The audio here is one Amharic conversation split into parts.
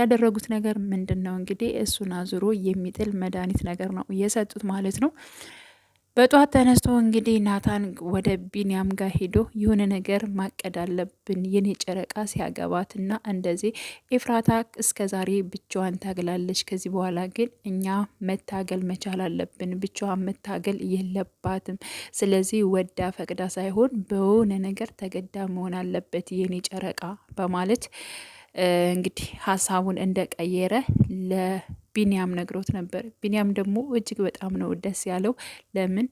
ያደረጉት ነገር ምንድን ነው እንግዲህ እሱን አዙሮ የሚጥል መድኃኒት ነገር ነው እየሰጡት ማለት ነው። በጠዋት ተነስቶ እንግዲህ ናታን ወደ ቢንያም ጋር ሄዶ የሆነ ነገር ማቀድ አለብን የኔ ጨረቃ ሲያገባት እና እንደዚህ ኤፍራታ እስከ ዛሬ ብቻዋን ታግላለች። ከዚህ በኋላ ግን እኛ መታገል መቻል አለብን። ብቻዋን መታገል የለባትም። ስለዚህ ወዳ ፈቅዳ ሳይሆን በሆነ ነገር ተገዳ መሆን አለበት የኔ ጨረቃ በማለት እንግዲህ ሀሳቡን እንደቀየረ ለቢንያም ነግሮት ነበር። ቢንያም ደግሞ እጅግ በጣም ነው ደስ ያለው። ለምን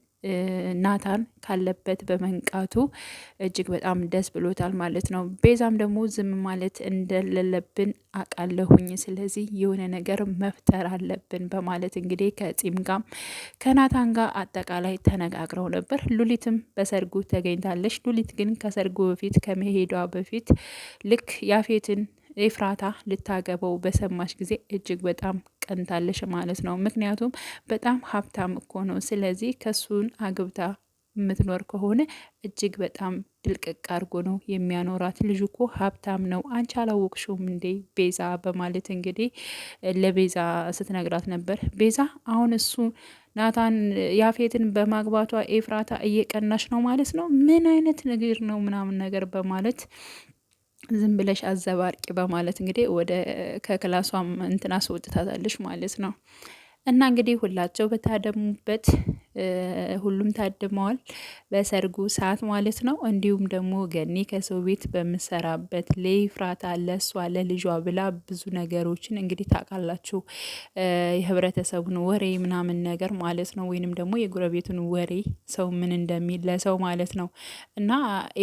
ናታን ካለበት በመንቃቱ እጅግ በጣም ደስ ብሎታል ማለት ነው። ቤዛም ደግሞ ዝም ማለት እንደሌለብን አቃለሁኝ ስለዚህ የሆነ ነገር መፍጠር አለብን በማለት እንግዲህ ከጺም ጋር ከናታን ጋር አጠቃላይ ተነጋግረው ነበር። ሉሊትም በሰርጉ ተገኝታለች። ሉሊት ግን ከሰርጉ በፊት ከመሄዷ በፊት ልክ ያፌትን ኤፍራታ ልታገባው በሰማች ጊዜ እጅግ በጣም ቀንታለሽ ማለት ነው። ምክንያቱም በጣም ሀብታም እኮ ነው። ስለዚህ ከሱን አግብታ የምትኖር ከሆነ እጅግ በጣም ድልቅቅ አድርጎ ነው የሚያኖራት። ልጅ እኮ ሀብታም ነው፣ አንቺ አላወቅሽውም እንዴ ቤዛ? በማለት እንግዲህ ለቤዛ ስትነግራት ነበር። ቤዛ አሁን እሱ ናታን ያፌትን በማግባቷ ኤፍራታ እየቀናሽ ነው ማለት ነው። ምን አይነት ንግር ነው ምናምን ነገር በማለት ዝም ብለሽ አዘባርቂ በማለት እንግዲህ ወደ ከክላሷም እንትን አስወጥታታለች ማለት ነው። እና እንግዲህ ሁላቸው በታደሙበት ሁሉም ታድመዋል፣ በሰርጉ ሰዓት ማለት ነው። እንዲሁም ደግሞ ገኒ ከሰው ቤት በምሰራበት ለኤፍራታ ለእሷ ለልጇ ብላ ብዙ ነገሮችን እንግዲህ ታውቃላችሁ፣ የህብረተሰቡን ወሬ ምናምን ነገር ማለት ነው፣ ወይንም ደግሞ የጎረቤቱን ወሬ ሰው ምን እንደሚል ለሰው ማለት ነው። እና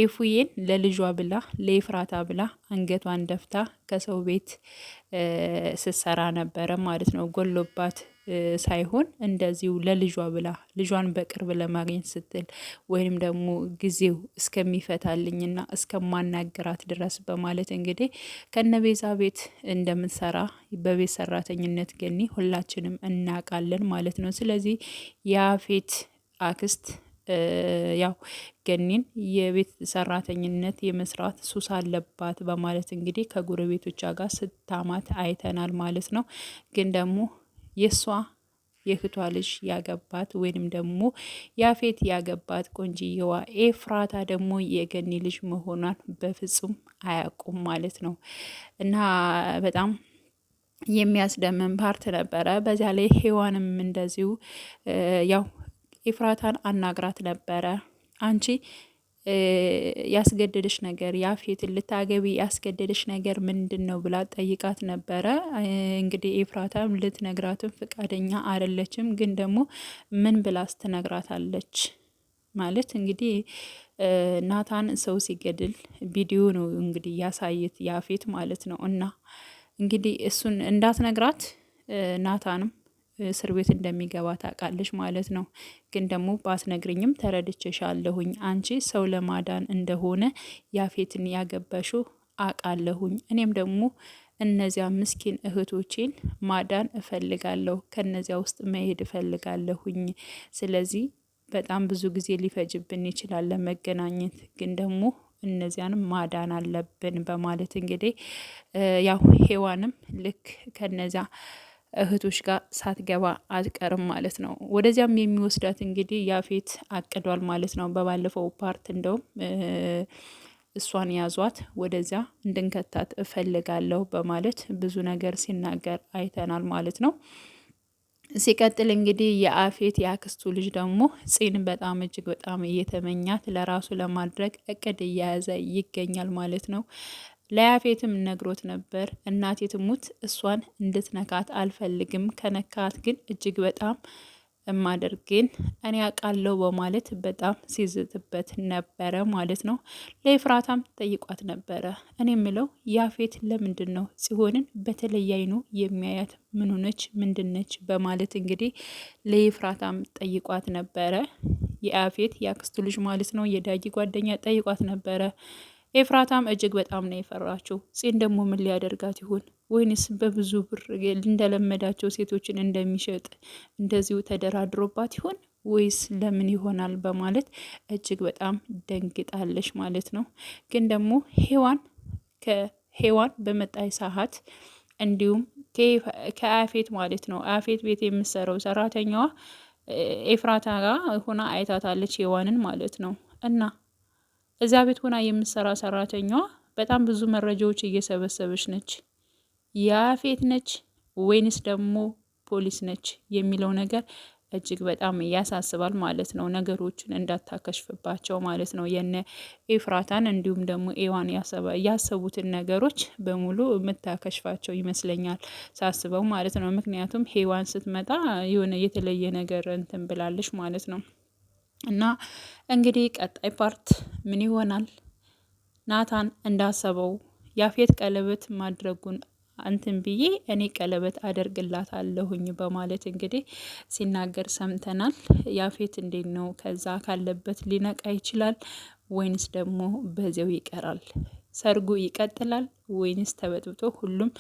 ኤፉዬን ለልጇ ብላ ለኤፍራታ ብላ አንገቷን ደፍታ ከሰው ቤት ስትሰራ ነበረ ማለት ነው ጎሎባት ሳይሆን እንደዚሁ ለልጇ ብላ ልጇን በቅርብ ለማግኘት ስትል ወይም ደግሞ ጊዜው እስከሚፈታልኝና እስከማናገራት ድረስ በማለት እንግዲህ ከነ ቤዛ ቤት እንደምትሰራ በቤት ሰራተኝነት ገኒ ሁላችንም እናውቃለን ማለት ነው። ስለዚህ የአፌት አክስት ያው ገኒን የቤት ሰራተኝነት የመስራት ሱስ አለባት በማለት እንግዲህ ከጎረቤቶቿ ጋር ስታማት አይተናል ማለት ነው። ግን ደግሞ የእሷ የእህቷ ልጅ ያገባት ወይንም ደግሞ ያፌት ያገባት ቆንጂየዋ ኤፍራታ ደግሞ የገኒ ልጅ መሆኗን በፍጹም አያውቁም ማለት ነው እና በጣም የሚያስደምን ፓርት ነበረ። በዚያ ላይ ሔዋንም እንደዚሁ ያው ኤፍራታን አናግራት ነበረ አንቺ ያስገደደሽ ነገር ያፌትን ልታገቢ ያስገደደሽ ነገር ምንድን ነው ብላ ጠይቃት ነበረ። እንግዲህ ኤፍራታም ልትነግራትም ፍቃደኛ አይደለችም። ግን ደግሞ ምን ብላስ ትነግራታለች? ማለት እንግዲህ ናታን ሰው ሲገድል ቪዲዮ ነው እንግዲህ ያሳየት ያፌት ማለት ነው። እና እንግዲህ እሱን እንዳትነግራት ናታንም እስር ቤት እንደሚገባ ታውቃለች ማለት ነው። ግን ደግሞ ባትነግርኝም ተረድቼሻለሁኝ አንቺ ሰው ለማዳን እንደሆነ ያፌትን ያገባሽው አውቃለሁኝ። እኔም ደግሞ እነዚያ ምስኪን እህቶቼን ማዳን እፈልጋለሁ፣ ከነዚያ ውስጥ መሄድ እፈልጋለሁኝ። ስለዚህ በጣም ብዙ ጊዜ ሊፈጅብን ይችላል ለመገናኘት፣ ግን ደግሞ እነዚያን ማዳን አለብን በማለት እንግዲህ ያው ሄዋንም ልክ ከነዚያ እህቶች ጋር ሳትገባ አትቀርም ማለት ነው። ወደዚያም የሚወስዳት እንግዲህ ያፌት አቅዷል ማለት ነው። በባለፈው ፓርት እንደውም እሷን ያዟት ወደዚያ እንድንከታት እፈልጋለሁ በማለት ብዙ ነገር ሲናገር አይተናል ማለት ነው። ሲቀጥል እንግዲህ የአፌት የአክስቱ ልጅ ደግሞ ፂን በጣም እጅግ በጣም እየተመኛት ለራሱ ለማድረግ እቅድ እየያዘ ይገኛል ማለት ነው። ለያፌትም ነግሮት ነበር። እናቴ ትሙት እሷን እንድትነካት አልፈልግም፣ ከነካት ግን እጅግ በጣም እማደርግን እኔ አውቃለሁ በማለት በጣም ሲዝትበት ነበረ ማለት ነው። ለኤፍራታም ጠይቋት ነበረ። እኔ የምለው ያፌት ለምንድን ነው ጽዮንን በተለየ አይኑ የሚያያት? ምን ምንድነች? በማለት እንግዲህ ለኤፍራታም ጠይቋት ነበረ። የያፌት የአክስቱ ልጅ ማለት ነው የዳጊ ጓደኛ ጠይቋት ነበረ ኤፍራታም እጅግ በጣም ነው የፈራችው። ፂን ደግሞ ምን ሊያደርጋት ይሆን? ወይንስ በብዙ ብር እንደለመዳቸው ሴቶችን እንደሚሸጥ እንደዚሁ ተደራድሮባት ይሆን ወይስ ለምን ይሆናል በማለት እጅግ በጣም ደንግጣለች ማለት ነው። ግን ደግሞ ሄዋን ከሄዋን በመጣይ ሰዓት እንዲሁም ከአፌት ማለት ነው አፌት ቤት የምሰራው ሰራተኛዋ ኤፍራታ ጋር ሆና አይታታለች ሄዋንን ማለት ነው እና እዚያ ቤት ሆና የምትሰራ ሰራተኛዋ በጣም ብዙ መረጃዎች እየሰበሰበች ነች። ያፌት ነች ወይንስ ደግሞ ፖሊስ ነች የሚለው ነገር እጅግ በጣም ያሳስባል ማለት ነው። ነገሮችን እንዳታከሽፍባቸው ማለት ነው። የነ ኤፍራታን እንዲሁም ደግሞ ኤዋን ያሰቡትን ነገሮች በሙሉ የምታከሽፋቸው ይመስለኛል ሳስበው ማለት ነው። ምክንያቱም ሄዋን ስትመጣ የሆነ የተለየ ነገር እንትን ብላለች ማለት ነው። እና እንግዲህ ቀጣይ ፓርት ምን ይሆናል? ናታን እንዳሰበው ያፌት ቀለበት ማድረጉን አንትን ብዬ እኔ ቀለበት አደርግላት አለሁኝ በማለት እንግዲህ ሲናገር ሰምተናል። ያፌት እንዴት ነው ከዛ ካለበት ሊነቃ ይችላል ወይንስ ደግሞ በዚያው ይቀራል? ሰርጉ ይቀጥላል ወይንስ ተበጥብጦ ሁሉም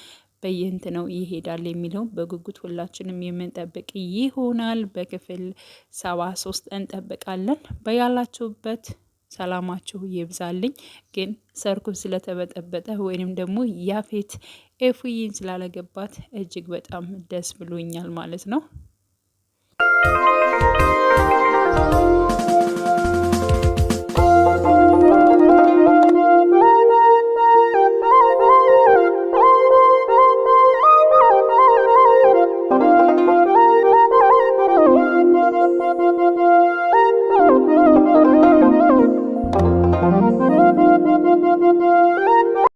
በየንት ነው ይሄዳል የሚለውን በጉጉት ሁላችንም የምንጠብቅ ይሆናል። በክፍል ሰባ ሶስት እንጠብቃለን። በያላችሁበት ሰላማችሁ ይብዛልኝ። ግን ሰርኩ ስለተበጠበጠ ወይንም ደግሞ ያፌት ኤፉይን ስላለገባት እጅግ በጣም ደስ ብሎኛል ማለት ነው።